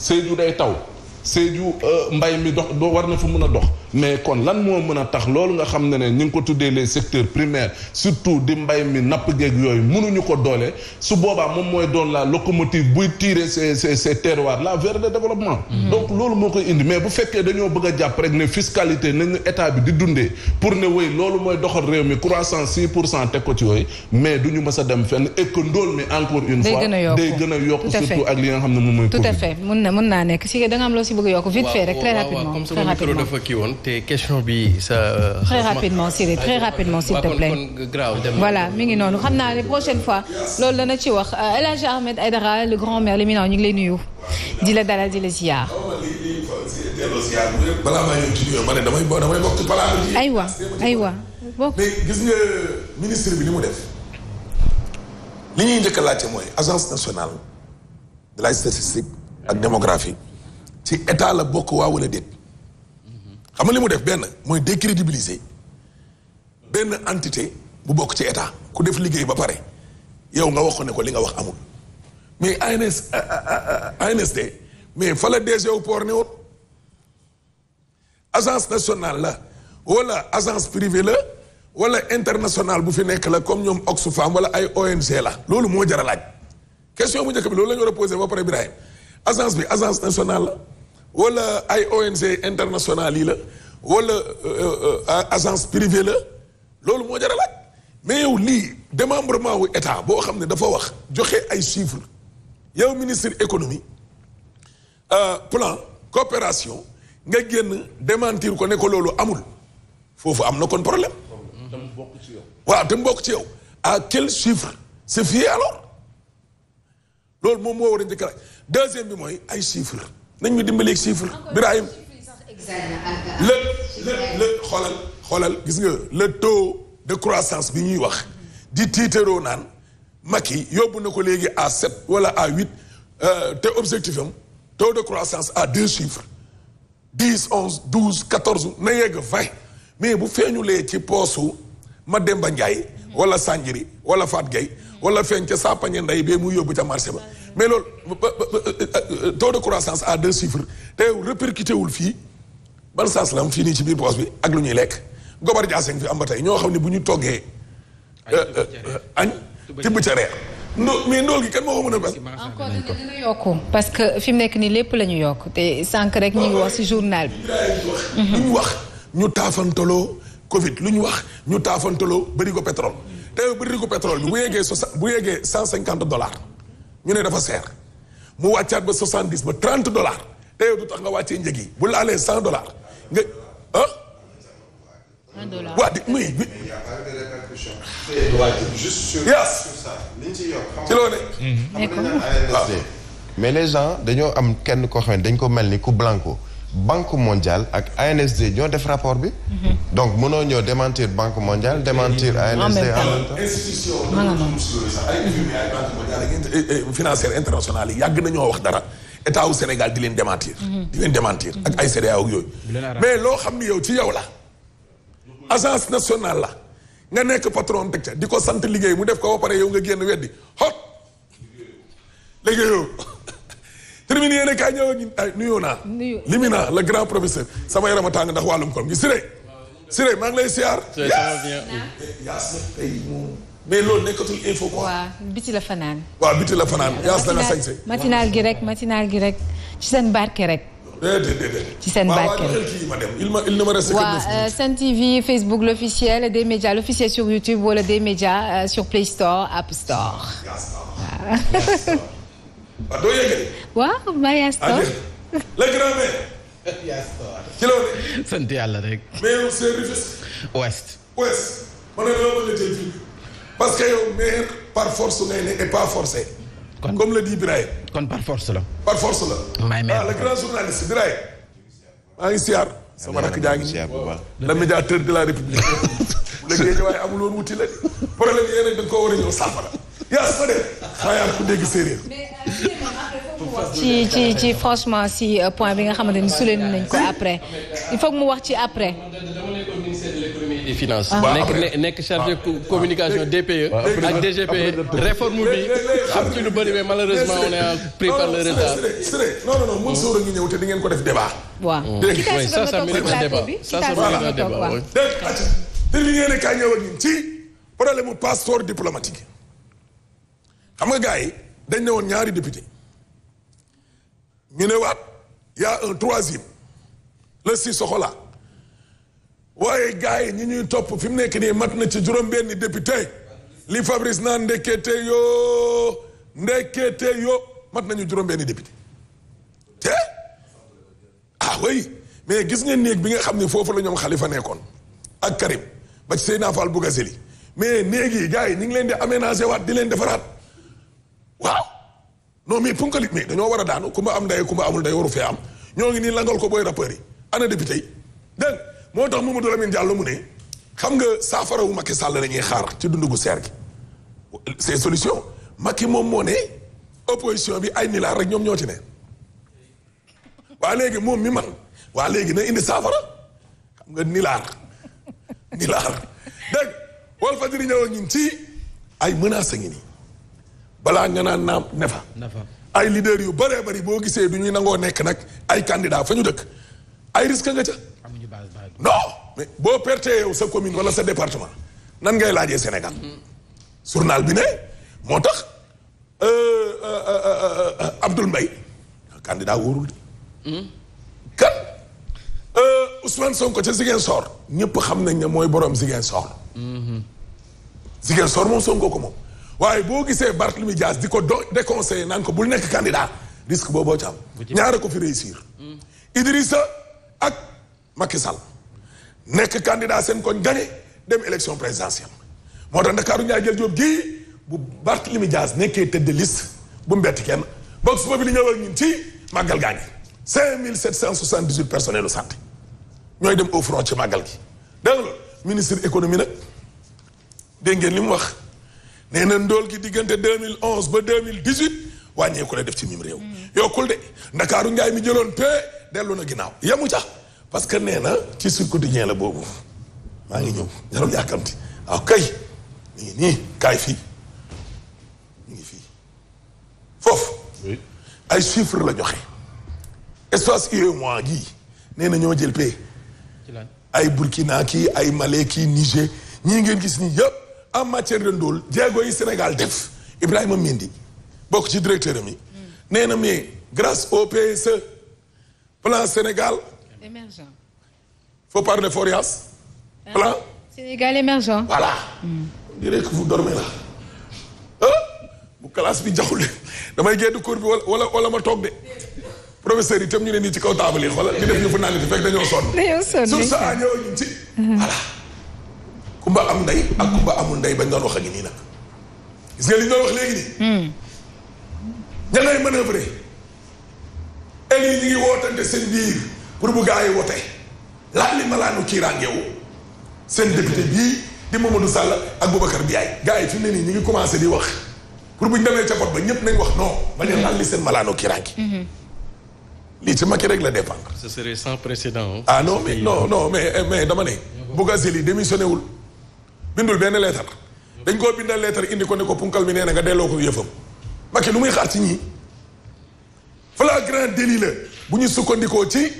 Sédhiou day taw Sédhiou euh, mbay mi dox doo war na fa mun a dox mais kon lan moo mën a tax loolu nga xam ne ne ñu ngi ko tuddee les secteurs primaires surtout di mbay mi napp géeg yooyu mënuñu ko doole su boobaa moom mooy doon la locomotive buy tirer ces ces ces terroirs là vers mhm. donc loolu moo koy indi mais bu fekkee dañoo bëgg a jàpp rek ne fiscalité nañu état bi di dundee pour ne wéy loolu mooy doxal réew mi croissance six pour cent teg ko ci yooyu mais du ñu dem fenn et que ndóol mi encore une fois. a yokk surtout ak moom mooy. tout naa nekk si da nga te question bi sa. Euh, rapidement Siri très euh, voilà mi ngi noonu xam naa ne prochaine fois loolu dana ci wax euh, El Hadj Ahmed Aïdara le grand maire l'éminent ñu ngi lay la dalal ni agence nationale de la statistique ak démographie ci la bokk waa wala xam nga li mu def benn mooy décrédibiliser benn entité bu bokk ci état ku def liggéey ba pare yow nga wax ko ko li nga wax amul mais ANS ANSD mais fa la DG wu port ne woon agence nationale la wala agence privée la wala internationale bu fi nekk la comme ñoom Oxfam wala ay ONG la loolu moo jar laaj question bu njëkk bi loolu la ñu war ba pare Ibrahima agence bi agence nationale la wala ay ONG internationale yi la wala euh, euh, euh, agence privée la loolu moo jar mais yow lii démembrement wu état boo xam ne dafa wax joxe ay chiffres yow ministre économie plan coopération nga génn démentir ko ne ko loolu amul foofu am na kon problème. dama ci yow. waaw te mu bokk ci yow à quel chiffre se fier alors loolu moom moo war a njëkk a laaj deuxième bi mooy ay chiffres. nañ ñu dimbali ak chiffre Birahim le le le xoolal xoolal gis nga le taux de croissance bi ñuy wax di tiitaroo naan Macky yóbbu na ko léegi à sept wala à huit euh, te objectif am taux de croissance à deux chiffres dix onze douze quatorze na yegg vingt mais bu feeñulee ci poosu Mademba Ndiaye wala Sanjiri wala Fatou Gueye wala feeñ ca saa ndey nday bee mu yóbbu ca marché ba mais loolu euh, taux de croissance à deux chiffres te répercuté wul fii ban sens la am fii nii ci biir poos bi ak lu ñuy lekk gobar jaaseng fi am ba tey ñoo xam ne bu ñu toggee añ euh, euh, tibb ca reer ndóol mais ndóol gi kan moo ko mën a bas. encore dina parce que fi mu nekk ni lépp la ñu yokk te sànq rek ñu ngi wax si journal bi. lu ñu wax ñu taafantaloo Covid lu ñu wax ñu taafantaloo bëri ko pétrole. te bëri ko pétrole bi bu yeggee soixante bu yeggee cent cinquante dollars. ñu ne dafa seer mu wàccaat ba soixante dix ba trente dollars te yow du tax nga wàccee njëg yi bu laalee cent dollars nga ah. un ah. mais les gens dañoo am kenn koo xam ne dañ ko mel ni ku blanco. banque mondiale ak ANSD ñoo def rapport bi. Mhm. donc mënoo ñëw démentir banque mondiale démentir ANSD en même temps institution eh, eh, yi yàgg nañoo wax dara état wu Sénégal di leen démentir. Mhm. di leen démentir ak ay CEDEAO ak yooyu. mais loo xam ni yow ci yow la. agence nationale la. nga nekk patron teg di ko sant liggéey mu def ko ba pare yow nga génn weddi xot liggéeyoo. terminé yéen a kaay ñëw ak ay nuyoo naa. nuyoo limina le grand professeur. sama yaram a tàng ndax wàllum gi Siré. Siré maa ngi lay siyaar. yaas na tey moom. mais loolu nekkatul info quoi. waaw biti la fanaan. biti la fanaan yaas na nga sañse. matinal gi rek matinal gi rek. ci seen barke rek. Eh, ci seen barke waaw euh, Sen TV Facebook l'officiel des médias l'officiel sur YouTube wala des médias euh, sur Play Store App Store. waaw doo yeggali. waaw maa yaastoo. la grand-mère. yaastoo ci la wane. sant yàlla rek. mais yow c'est ouest. ouest. ma ne loo mën a jël fii parce que yow maire par force ngay ne et pas forcé. comme le dit Biraye. kon par la. par force la. maay maire ah grand journaliste Biraye. maa ngi sama rakk jaa ngi siyaar bu baax. le médiateur de la république. léegi waaye amul woon wuti la problème yéen a ngi ko war a ñëw saafara. ci ci ci franchement si euh, point bi nga xamante ni soulené nañ ko après il faut mu wax ci après des finances ah. nekk nekk chargé communication ah. DPE ah, ak DGPE réforme bi xam ci lu bëri mais malheureusement on est pris par le retard non non non mun sóor a ngi ñëw te di ngeen ko def débat waaw ça ça mérite un débat ça ça mérite un débat dégg te li ngeen xam nga gars yi dañ ne woon ñaari député ñu ne waat y a un troisième le Sissoko la waaye gars yi ñi ñuy topp fi mu nekk nii mat na ci juróom-benni député li Fabrice naan ndekete yoo ndekete yoo mat nañu juróom-benni député te ah oui mais gis ngeen néeg bi nga xam ne foofu la ñoom xalifa nekkoon ak Karim ba ci Seyna Fall Bougazelli mais néeg yi gars yi ñu ngi leen di aménagé waat di leen defaraat. non mais punkali mais dañoo war a daanu ku am ndey ku amul ndey waru fee am ñoo ngi nii langal ko booy rappeurs yi ana député yi dégg moo tax Mamadou Lamine Diallo mu ne xam nga saafara wu Macky la ñuy xaar ci dundu gu seer gi c'est solution Macky moom moo ne opposition bi ay nilaar rek ñoom ñoo ci ne waa léegi moom mi man waa léegi na indi saafara xam nga nilaar nilaar dégg Walfadjri ñëw ak ngi ci ay menaces ngi nii balaa nga naan naam ne fa ay leader yu bëree bëri boo gisee du ñuy nangoo nekk nag ay candidat fa ñu dëkk ay risque nga ca non mais boo perte yow sa commune wala sa département nan ngay laajee Sénégal mm-hmm. journal bi ne moo tax euh, euh, euh, Abdoul Mbaye candidat wóorul de mm-hmm. kan Ousmane Sonko ca Ziguinchor ñëpp xam nañ ne mooy borom Ziguinchor mm-hmm. Ziguinchor moom sonkoo ko moom waaye boo gisee Barthélemy Dias di ko do déconseillé naan ko bul nekk candidat risque booboo ci am. ñaara ko fi réussir. Mm. Idrissa ak Macky Sall nekk candidat seen koñ gagné dem élection présidentielle moo tax Ndakaaru Ndiaye jël Diop gii bu Barthélemy Dias nekkee tête de liste bu mu kenn boog suba bi li ñëw ak ñun ci màggal gaa ngi 5778 personnels de santé ñooy dem au front ci màggal gi dégg nga ministre économie nag dégg ngeen li mu wax. nee na ndóol gi diggante 2011 ba 2018 wàññeeku la def ci mim réew. Mm. yokkul de ndakaaru njaay mi jëloon te dellu na ginnaaw yemu ca parce que nee na ci Sud Quotidien la boobu maa ngi ñëw jarul yàkkamti waaw ah, kay mi ngi nii kaay fii mi foofu. ay chiffres la joxe espace UEMOA gii nee na ñoo jël pay ay Burkina kii ay Mali ki Niger ñii ngeen gis nii yëpp. en matière de ndóol jéego yi Sénégal def Ibrahima Mendy bokk ci directeur am yi. Mm. nee na mais grâce au PSE plan Sénégal. émergent. faut parler Forias. Ah, plan Sénégal émergent. voilà. Mm. on dirait que vous dormez là. bu classe bi jaxule damay génn cour bi wala wala ma toog de. professeur yi itam ñu ne nii ci kaw taabal yi xoolal ñu def ñu fa naan fekk dañoo sonn. dañoo sonn sur ça ñëw ci. voilà. ma am ndey ak kumba amul ndey bañ doon wax ak nii nag gis nga li ñu doon wax léegi nii hmm. ña ngay manœuvrer éli ñu ngi wootante seen biir pour bu gaa yi wote laa li malaanu kiiraangewu seen député di Mamadou Sall ak Boubacar Biaye gaa yi fi mu ne nii ñu ngi commencé a laal li seen malaanu kiiraange hmm. lii ci Macky rek la dépendre. ah non mais mais mais dama ne. Bougazelli démissionné wul. bindul benn leetar dañ koo bindal leetar indi ko ne ko punkal mi nee na nga delloo ko yëfam Macky lu muy xaar ci ñii flagrant délit la bu ñu sukkandikoo ci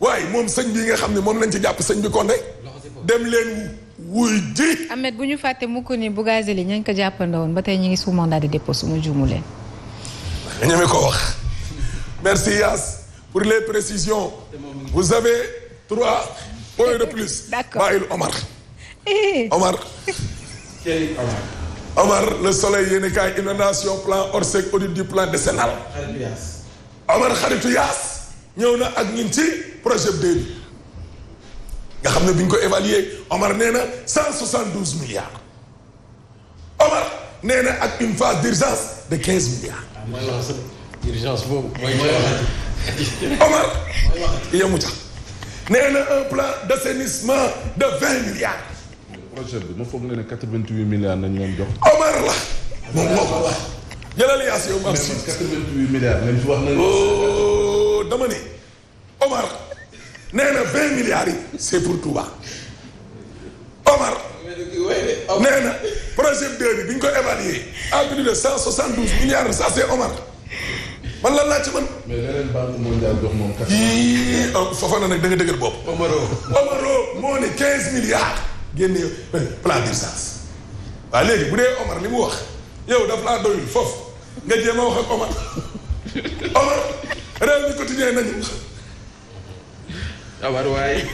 waaye moom sëñ bi nga xam ne moom lañ ci jàpp sëñ bi Condé dem leen wuy ji Ahmed bu ñu fàttee mukk ni Bougazelli ñañ ko jàppandowoon ba tey ñu ngi sous mandat de dépôt su ma juumulee nga ñeme ko wax merci Yass pour les précisions vous avez trois points de plus d'accord Baïl Omar Eh. Omar. le soleil yéen kaay inondation plan Orsec audit du plan décennal. Omar xaritu yaas ñëw na ak ñun projet deux nga xam ne bi ñu ko évaluer Omar nee na cent Omar nee na ak une phase de quinze ah, boobu mooy Omar yemu ca nee na un plan d'assainissement de vingt projet bi ma foog ne ne 88 milliards nañ leen jox. Omar la. moom moo ko wax. jëlal yaas yow ma si. 88 dama ne Omar nee na 20 yi c'est pour Touba Omar. nee na projet 2 bi bi ñu ko évalué à plus de 172 milliards ça Omar man lan laa ci mën. mais leneen banque mondiale oh, foofa na nag da dëgër bopp. Omaro Omaro moo ne 15 génne plan d'urgence waaw léegi bu dee Omar li mu wax yow daf laa doyul foofu nga jéem a Omar Omar réew mi quotidien nañu Omar waaye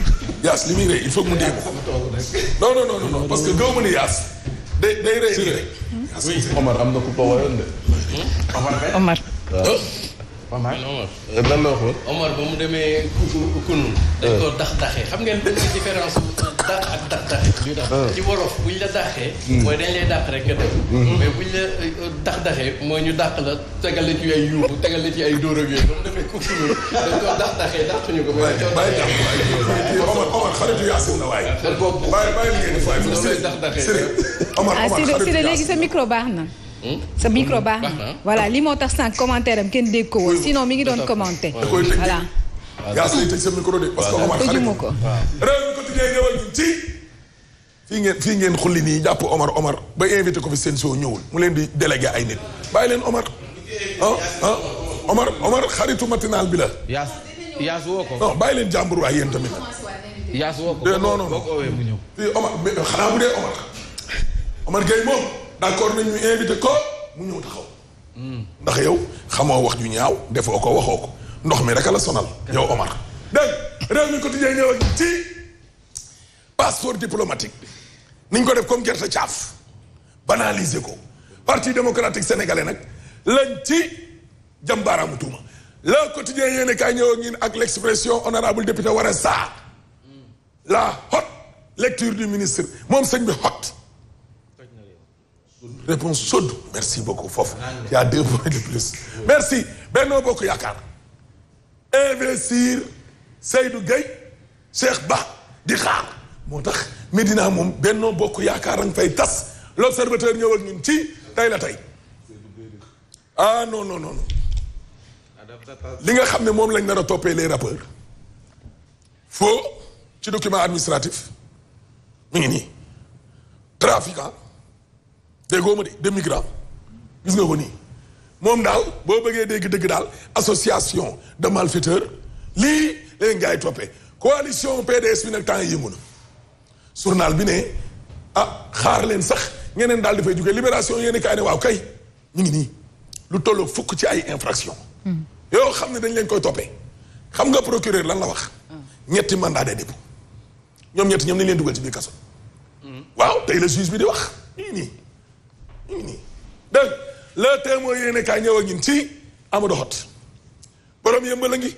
yaas li muy rey il faut mu dégg non non que gëw ku ko wayoon de Omar Omar eh, lan la eh. différence dàq ak dàq dàq ñu dàq ah. ci wolof buñ la dàqee hmm. mooy dañ lay dàq rek nga dem hmm. Hmm. mais euh, ñu dàq la tegal la ci ay ay dóor ko bàyyi Omar Omar xaritu Yacine la waaye bàyyi bàyyi ngeen di sa micro baax na sa micro baax na voilà li moo tax sànq commentaire kenn dégg ko woon sinon mi ngi doon commenté voilà Yacine tëj sa micro de parce que ko tuddee ñëwal fii ngeen fii ngeen xulli nii jàpp Omar Omar ba invité ko fi seen soo ñëwul mu leen di délégué ay nit bàyyi leen Omar ah ah Omar Omar xaritu matinal bi la. yaas yaas ko. non bàyyi leen jàmbur waay yéen tamit. yaas woo ko non non non fii Omar xanaa bu dee Omar. Omar Gueye moom d'accord nañ ñu invité ko mu ñëw taxaw. Hmm. ndax yow xamoo wax ju ñaaw defoo ko waxoo ko ndox mi rek a sonal. yow Omar dégg réew mi quotidien ñëw ak ci. passeport diplomatique bi niñ ko def comme gerte caaf banaliser ko parti démocratique sénégalais nag lañ ci jàmbaaraamu tuuma la quotidien yéene kaay ñëw ngeen ak l' expression honorable député a Sarr la haute lecture du ministre moom sëñ bi haute réponse sod merci beaucoup foofu y a deux points de plus merci Benno Bokk Yaakaar investir Seydou Gueye Cheikh Ba di xaar moo tax Medina moom Benno Bokk Yaakaar a ngi fay tas l'observateur ñëw ak ñun ci tey la tey ah non non li nga xam ne moom lañ nar a toppee les rappeurs faux ci document administratif mu ngi nii trafiquant déggoo ma de de migrant gis nga ko nii moom daal boo bëggee dégg dëgg daal association de malfaiteurs lii leen gars yi toppee coalition PDS bi nag temps yëngu na sournal bi ne ah xaar leen sax ñeneen daal dafay jóge libération yéen kaay ne waaw kay ñu ngi nii lu tolloo fukk ci ay infraction hmm. yoo xam ne dañ leen koy toppee xam nga procureur lan la wax hmm. ñetti mandat de dépôt ñoom ñetti ñoom nañ leen dugal ci biir kaso hmm. waaw tey la juge bi di wax ñu ngi nii ñu ngi nii dégg le témoin yéen kaay ñëw ak ci Amadou Hott borom yëmbal a ngi